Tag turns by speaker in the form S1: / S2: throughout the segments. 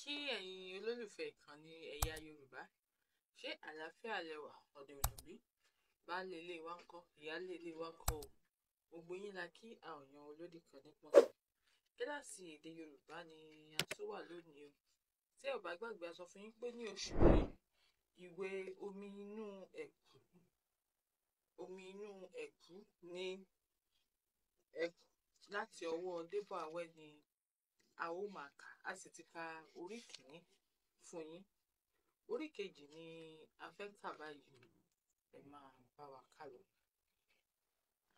S1: kí ẹ̀yin olólùfẹ́ ìkànnì ẹ̀yà Yorùbá ṣé àlàáfíà lẹwà ọ̀dẹ̀ òdòbí baálé ilé wa ń kọ́ ìyáálé ilé wa o gbogbo yín la kí àwòyàn olódì kan nípa kíláàsì èdè Yorùbá ni a tún wà lónìí o tí ẹ gbàgbé a sọ fún yín pé ní oṣù yìí ìwé omi inú ẹ̀kú omi inú ẹ̀kú ní ẹ̀kú láti ọwọ́ Débọ̀ Awẹ́ ni a ó máa kà a sì ti ka orí kìíní fún yín orí kejì ni a fẹ́ kà báyìí ẹ máa bá wa kà lọ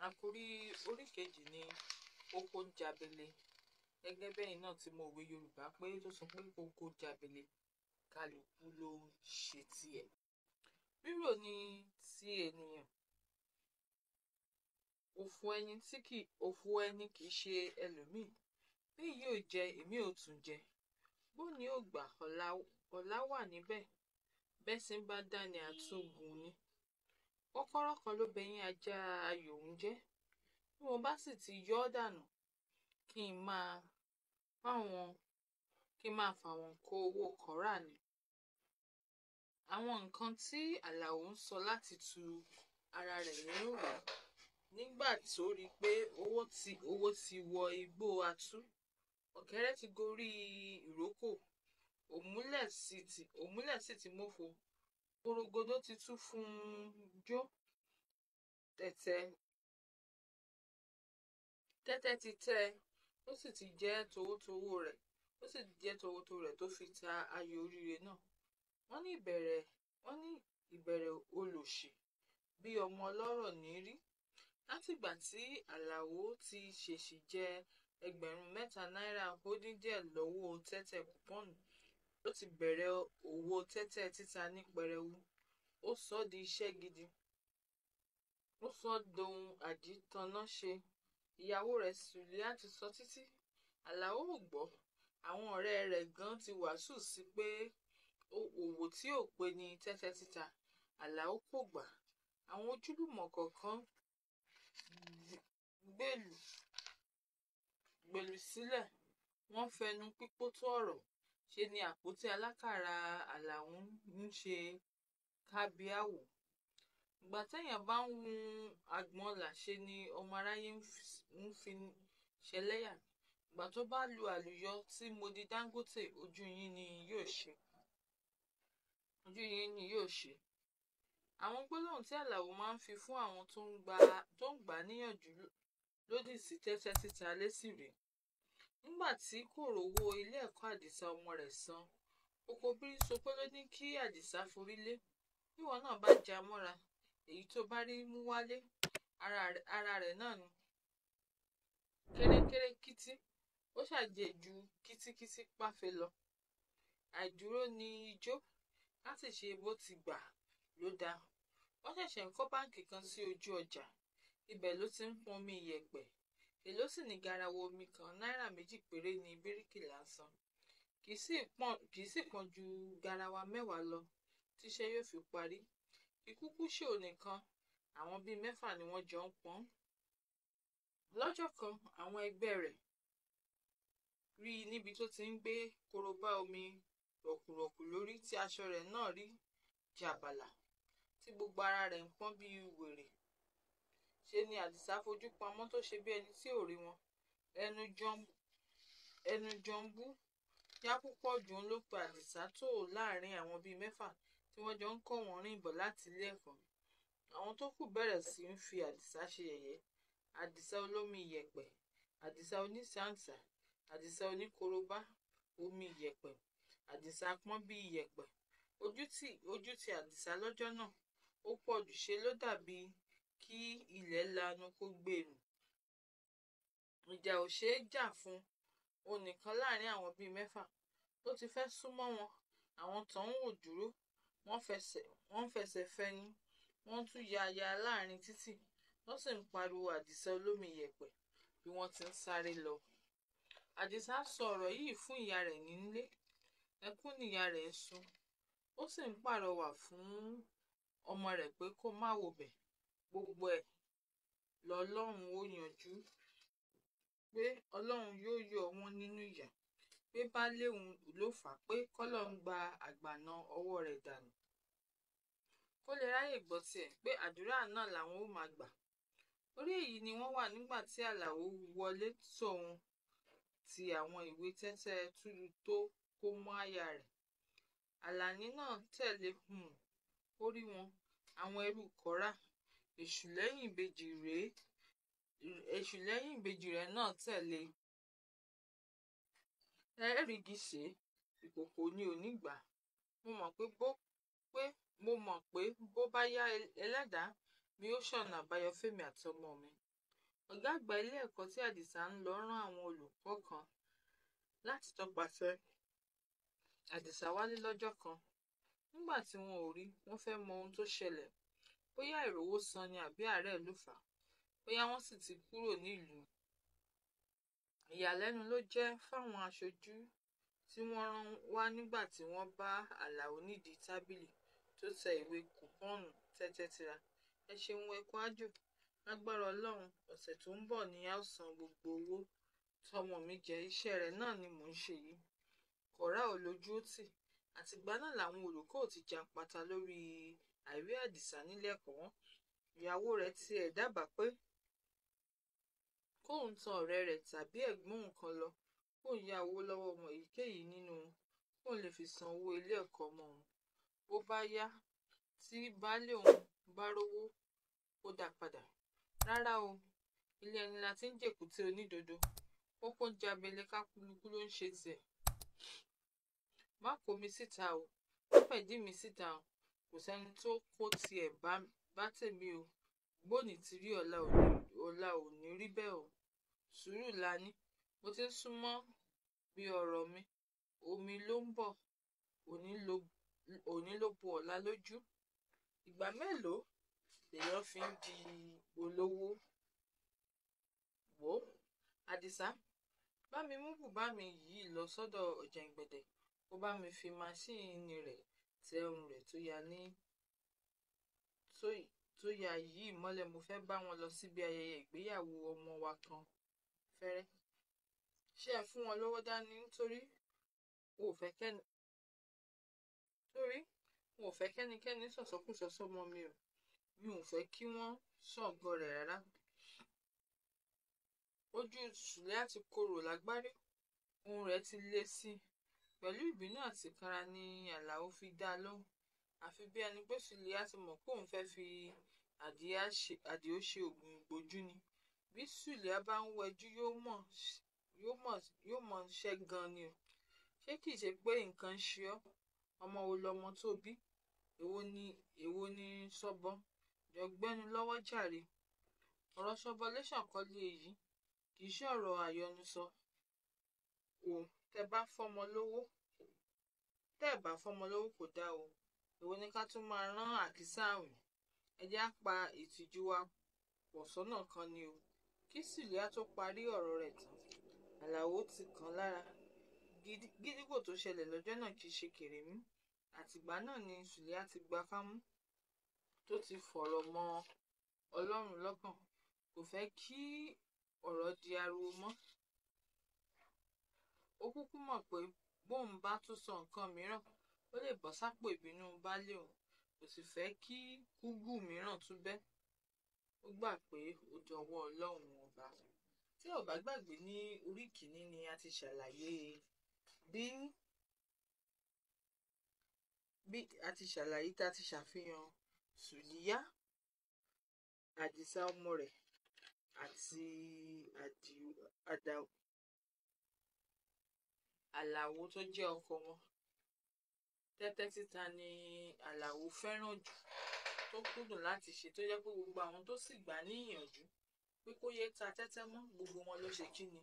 S1: àkórí orí kejì ni oko ń jabele gẹ́gẹ́ bẹ́yìn náà tí mo wé Yorùbá pé tó sọ pé oko jabele kálukú ló ń ṣe tiẹ̀ rírò ni ti ènìyàn òfò ẹni kì í ṣe ẹlòmíì bẹ́yìí ò jẹ èmi ò tún jẹ bó ni ó gbà ọ̀la wà níbẹ̀ bẹ́ṣin bá dá ni àtúngun ni kọ́kọ́rọ́ kan ló bẹyín ajá ayò ń jẹ́ bí mo bá sì ti yọ ọ́ dànù kí n máa fáwọn kí n máa fàwọn kó owó kọ́ra ni àwọn nǹkan tí Àlàó ń sọ láti tu ara rẹ̀ nínú rẹ̀ nígbà tó rí i pé owó ti wọ igbó atú ọ̀kẹ́rẹ́ ti gorí ìrókò òmùlẹ̀ sì ti òmùlẹ̀ sì ti mófo porogodo ti tú fún un jó tẹ̀tẹ̀ tẹ́tẹ́ ti tẹ́ ẹ ó sì ti jẹ́ towótowó rẹ̀ ó sì jẹ́ towótowó rẹ̀ tó fi ta ayò oríire náà wọ́n ní ìbẹ̀rẹ̀ wọ́n ní ìbẹ̀rẹ̀ olòṣì bí ọmọ ọlọ́rọ̀ ní látìgbà tí Àlàó ti ṣèṣì jẹ ẹgbẹ̀rún mẹ́ta náírà ó dín díẹ̀ lọ́wọ́ tẹ́tẹ́ kúpọ́ọ̀nù ló ti bẹ̀rẹ̀ òwò tẹ́tẹ́ títa ní pẹrẹwu ó sọ di iṣẹ́ gidi ó sọ dohun àdìtanná ṣe ìyàwó rẹ̀ sùlíà ti sọ títí àlàó ò gbọ́ àwọn ọ̀rẹ́ rẹ̀ gan ti wàásù sí pé òwò tí ò pé ni tẹ́tẹ́ títa àlàó kò gbà àwọn ojúlùmọ̀ kọ̀ọ̀kan gbèlú gbòòlù sílẹ̀ wọ́n fẹnu pípòtú ọ̀rọ̀ ṣe ni àpótí alákàrà àlàó ń ṣe kábíàwò ìgbà téèyàn bá ń hun àgbọ̀nlà ṣe ni ọmọ aráyé ń fi ṣẹlẹ́yà ìgbà tó bá lu àlùyọ tí Modi Dangote ojú yín ni yóò ṣe ojú yín ni yóò ṣe àwọn gbólóhùn tí Àlàó máa ń fi fún àwọn tó ń gbà níyànjú lòdì sí tẹ́tẹ́ títa lẹ́sìrì nígbà tí kò rówó ilé ẹ̀kọ́ àdìsá ọmọ rẹ̀ san oko bírí sọ pé ló ní kí àdìsá forílé bíwọ náà bá já mọ́ra èyí tó bá rí mú wálé ara rẹ̀ náà ni kérékéré kìtì ó ṣàjẹ ju kìtìkìtì páfẹ́ lọ àìdúró ni ijó láti ṣe bó ti gbà ló dáa wọ́n ṣẹ̀ṣẹ̀ ń kọ́ báǹkì kan sí ojú ọjà ibẹ̀ ló ti ń pọnmi ìyẹ̀pẹ̀ èló sì ní garawa omi kan náírà méjì péré ní bíríkìlà ń kì í sì pọn ju garawa mẹ́wàá lọ tíṣẹ́ yóò fi parí ìkúkú ṣòó nìkan àwọn bíi mẹ́fà ni wọ́n jọ ń pọn lọ́jọ́ kan àwọn ẹgbẹ́ rẹ̀ rí i níbi tó ti ń gbé korobá omi rọ̀kùrọ̀kù lórí tí aṣọ rẹ̀ náà rí jàbàlà tí gbogbo ara rẹ̀ ń pọ́n bíi wèrè ṣe ni àdìsá fojú pamọ́ tó ṣe bí ẹni tí ò rí wọn ẹnu jọ̀ǹbù yákú pọ̀ jù ń ló pe àdìsá tó láàrin àwọn bíi mẹ́fà tí wọ́n jọ ń kọ́ wọn rìn bọ̀ láti ilé ẹ̀kọ́ àwọn tó kù bẹ̀rẹ̀ sí ń fi àdìsá ṣe yẹ̀yẹ́ àdìsá olómi ìyẹ̀pẹ̀ àdìsá onísàǹsà àdìsá oníkorobá omi ìyẹ̀pẹ̀ àdìsá pọ́n bí ìyẹ̀pẹ̀ ojú ti àdìsá lọ́jọ́ náà ó pọ̀ jù ṣe ló dàbí kí ilẹ̀ lanu kó gbèrú ìjà ò ṣeé jà fún òun nìkan láàrin àwọn bíi mẹ́fà tó ti fẹ́ súnmọ́ wọn àwọn tán ń wò dúró wọ́n ń fẹsẹ̀ fẹni wọ́n tún ya aya láàrin títì wọ́n sì ń pariwo àdìsá olómi yẹ̀pẹ̀ bí wọ́n ti ń sáré lọ. àdìsá sọ ọ̀rọ̀ yìí fún ìyá rẹ̀ nílé ẹkún nìyá rẹ̀ ń sun ó sì ń pàrọwà fún ọmọ rẹ̀ pé kó má wò bẹ́ẹ̀ gbogbo ẹ̀ lọ́lọ́run ó yanjú pé ọlọ́run yóò yọ wọ́n nínú ìyà pé baálé òun ló fà á pé kọ́lọ́run gba àgbàna ọwọ́ rẹ̀ dànù kó lè ráyè gbọ́ tiẹ̀ pé àdúrà náà làwọn ó máa gbà orí èyí ni wọ́n wà nígbà tí àlàó wọlé tóun ti àwọn ìwé tẹ́tẹ́ túlù tó kó mọ́ àyà rẹ̀ àlàní náà tẹ̀lé um orí wọn àwọn ẹrú kọ́ra èṣù lẹ́yìn ìbejì rẹ̀ èṣù lẹ́yìn ìbejì rẹ̀ náà tẹ̀lé ẹ̀ẹ́rìgì ṣe ìkòkò ni ò ní gbà mo mọ̀ pé bó pé mo mọ̀ pé bó bá yá ẹlẹ́dàá mi ó ṣọ̀nà àbáyọ fèmi àtọmọ mi ọ̀gá àgbà ilé ẹ̀kọ́ tí àdìsá ń lọ rán àwọn olùkọ́ kan láti tọpasẹ̀ àdìsá wálé lọ́jọ́ kan nígbà tí wọn ò rí wọn fẹ́ mọ ohun tó ṣẹlẹ̀ bóyá àìrówó san ni àbí àárẹ̀ ló fà á bóyá wọ́n sì ti kúrò nílùú ìyàlẹ́nu ló jẹ́ fáwọn aṣojú tí wọ́n rán wá nígbà tí wọ́n bá Alao nídìí tábìlì tó tẹ ìwé kùpọ́ọ̀nù tẹ́tẹ́ tira ẹ ṣeun ẹ kú àjò lágbára Ọlọ́run ọ̀sẹ̀ tó ń bọ̀ ni a ó san gbogbo owó tọmọ mi jẹ iṣẹ́ rẹ̀ náà ni mò ń ṣe yìí kọ̀rá ò lójú ó tì àtìgbà náà làwọn olùkọ́ ò ti jàǹpátá lórí àìrí àdìsá nílẹ̀kùn wọn ìyàwó rẹ̀ tiẹ̀ dábàá pé kóun tan ọ̀rẹ́ rẹ̀ tàbí ẹ̀gbọ́n òun kan lọ kóun yá owó lọ́wọ́ ọmọ èyíkéyìí nínú wọn kóun lè fi san owó ilé ẹ̀kọ́ ọmọ òun bó bá yá tí baálé òun bá rówó ó dá padà rárá o ilé ẹni la ti ń jèkúté onídodo kókó ń jabele kákulukú ló ń ṣe tiẹ̀ má kó mi síta o má fẹ̀dí mi síta o kò sẹ́ni tó kó tiẹ̀ bá tèmi o gbóòní ti rí ọ̀la ò rí bẹ́ẹ̀ o sùúrù la ní mo ti ń súnmọ́ bí ọ̀rọ̀ mi omi ló ń bọ̀ òní ló bu ọ̀la lójú ìgbà mélòó lèèyàn fi ń di olówó wò ó àdìsá bá mi mú bùbá mi yìí lọ sọ́dọ̀ ọ̀jẹ̀ǹgbẹ̀dẹ̀ kó bá mi fi máṣíìnì rẹ̀ tẹ ohun rẹ̀ tó ya ní tó ya yìí mọ́lẹ̀ mo fẹ́ bá wọn lọ síbi ayẹyẹ ìgbéyàwó ọmọ wa kan fẹ́rẹ́ ṣé ẹ fún wọn lówó dání nítorí wọn ò fẹ́ kẹ́ni torí wọn ò fẹ́ kẹ́nikẹ́ni sọ̀sọ́kùsọ sọ́mọ mi o mi ò fẹ́ kí wọ́n sọ̀gọ́ rẹ̀ rárá ojú sùlẹ́ àti korò lágbárí ohun rẹ̀ ti le sí i pẹ̀lú ìbínú àti ìkanra ni aláọ fi dá a lóhùn àfi bí ẹni pé sùlíà ti mọ̀ póun fẹ́ fi àdìó ṣe oògùn ìgbójú ni bí sùlíà bá ń wẹjú yóò mọ̀ ṣẹ́ gan ni o ṣé kìí ṣe pé nǹkan ṣe ọ́ ọmọ wo lọmọ tó bí èwo ni èwo ni sọ́bọ̀ jọ̀gbẹ́nu lọ́wọ́ jàre ọ̀rọ̀ sọ́bọ̀ lẹ́sàkọ́lé èyí kì í ṣe ọ̀rọ̀ àyọnusọ o tẹ bá fọmọ lówó tẹ bá fọmọ lówó kò dáa o èwo ni ká tún máa rán àkísà àwìn ẹjẹ á pa ìtìjú wa pọ̀ sọ́nà kan ni o kí sùlíà tó parí ọ̀rọ̀ rẹ̀ tán àlàó ti kàn lára gídígbò tó ṣẹlẹ̀ lọ́jọ́ náà kì í ṣe kèrémí àtìgbà náà ni sùlíà ti gba fámú tó ti fọ̀rọ̀ mọ́ ọlọ́run lọ́kàn kò fẹ́ kí ọ̀rọ̀ di ariwo mọ́ ó kúkú mọ̀ pé bóun bá tún sọ nǹkan mìíràn ó lè bọ́ sápò ìbínú baálé òun kò sì fẹ́ kí kúgù mìíràn tún bẹ́ ó gbà pé ó jọ̀wọ́ ọlọ́run ọba tí ò gbàgbé ní orí kìíní ni a ti ṣàlàyé bí bí a ti ṣàlàyé tá a ti ṣàfihàn sùdíyá àdìsá ọmọ rẹ̀ àti àdìo àdàó. Àlàó tó jẹ́ ọkọ wọn tẹ́tẹ́ títa ni Àlàó fẹ́ràn jù tó kúndùn láti ṣe tó jẹ́ pé gbogbo àwọn tó sì gbà ní ìyànjú pé kó yé ta tẹ́tẹ́ mọ́ gbogbo wọn ló ṣe kí ni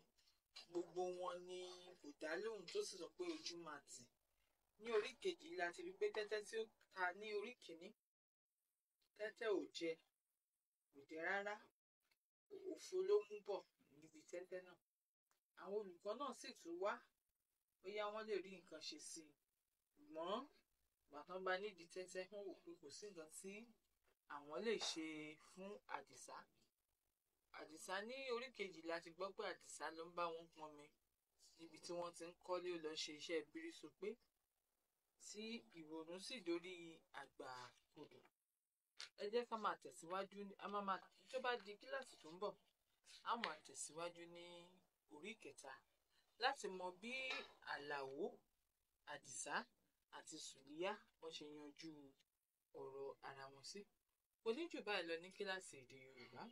S1: gbogbo wọn ni kò dá lóhùn tó sì sọ pé ojú máa tì ní orí kejì láti rí pé tẹ́tẹ́ tí ó ta ní orí kìíní tẹ́tẹ́ ò jẹ kò jẹ rárá òfo ló mú bọ̀ níbi tẹ́tẹ́ náà àwọn olùkọ́ náà sì tún wá bóyá wọ́n lè rí nǹkan ṣe sí i ṣùgbọ́n gbàtàn bá nídìí tẹ́tẹ́ wọ́n wò pé kò sí nǹkan tí àwọn lè ṣe fún àdìsá àdìsá ní orí kejì láti gbọ́ pé àdìsá ló ń bá wọn pọnmi níbi tí wọ́n ti ń kọ́lé ó lọ ṣe iṣẹ́ bírísù pé tí ìrònú sì dórí àgbà kodò ẹ jẹ́ ká máa tẹ̀síwájú a máa máa tó bá di kíláàsì tó ń bọ̀ a máa tẹ̀síwájú ní orí kẹta láti mọ bí aláọ adisa àti suliya wọn ṣe yanjú ọ̀rọ̀ ara wọn sí kò ní jù báyìí lọ ní kíláàsì èdè yorùbá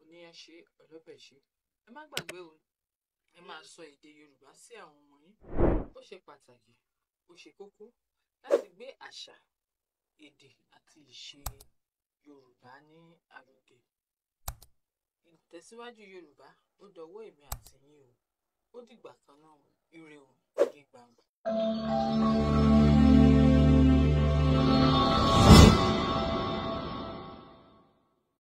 S1: oníyanṣe ọlọ́bẹ̀ṣe ẹ má gbàgbé o ẹ máa sọ èdè yorùbá sí àwọn ọmọ yín ó ṣe pàtàkì ó ṣe kókó láti gbé àṣà èdè àti ìṣe yorùbá ní àrògé ìtẹ̀síwájú yorùbá ó dọwọ́ èmi àti yín o ó dìgbà kan náà ire o ní gbangba.